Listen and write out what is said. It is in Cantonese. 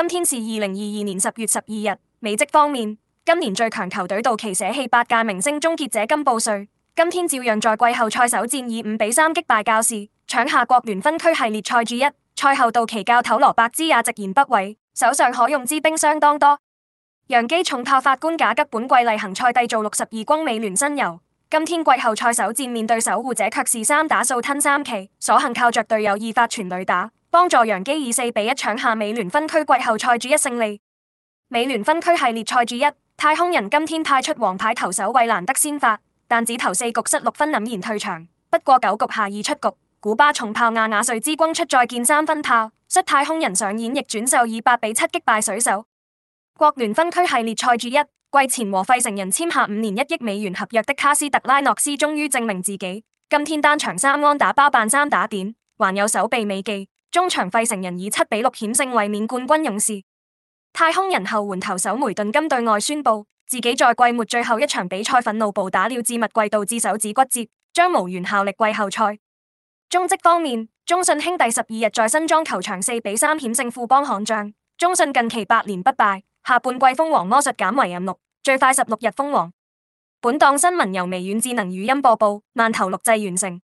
今天是二零二二年十月十二日。美職方面，今年最強球隊道奇捨棄八屆明星終結者金布瑞，今天照樣在季後賽首戰以五比三擊敗教士，搶下國聯分區系列賽主一。賽後道奇教頭羅伯茲也直言不諱，手上可用之兵相當多。楊基重炮法官賈吉本季例行賽締造六十二轟美聯新游，今天季後賽首戰面對守護者卻是三打數吞三期，所幸靠着隊友二發全壘打。幫助揚基以四比一搶下美聯分區季後賽主一勝利。美聯分區系列賽主一，太空人今天派出王牌投手衛蘭德先發，但只投四局失六分黯然退場。不過九局下二出局，古巴重炮亞瓦，瓦，瓦瑞之轟出再見三分炮，率太空人上演逆轉秀以八比七擊敗水手。國聯分區系列賽主一，季前和費城人簽下五年一億美元合約的卡斯特拉諾斯終於證明自己，今天單場三安打包辦三打點，還有手臂美記。中場費城人以七比六險勝衛冕冠軍勇士。太空人後援投手梅頓金對外宣布，自己在季末最後一場比賽憤怒暴打了置物櫃，導致手指骨折，將無緣效力季後賽。中職方面，中信兄弟十二日在新莊球場四比三險勝富邦悍將。中信近期八年不敗，下半季封王魔術減為任六，最快十六日封王。本檔新聞由微軟智能語音播報，慢投錄製完成。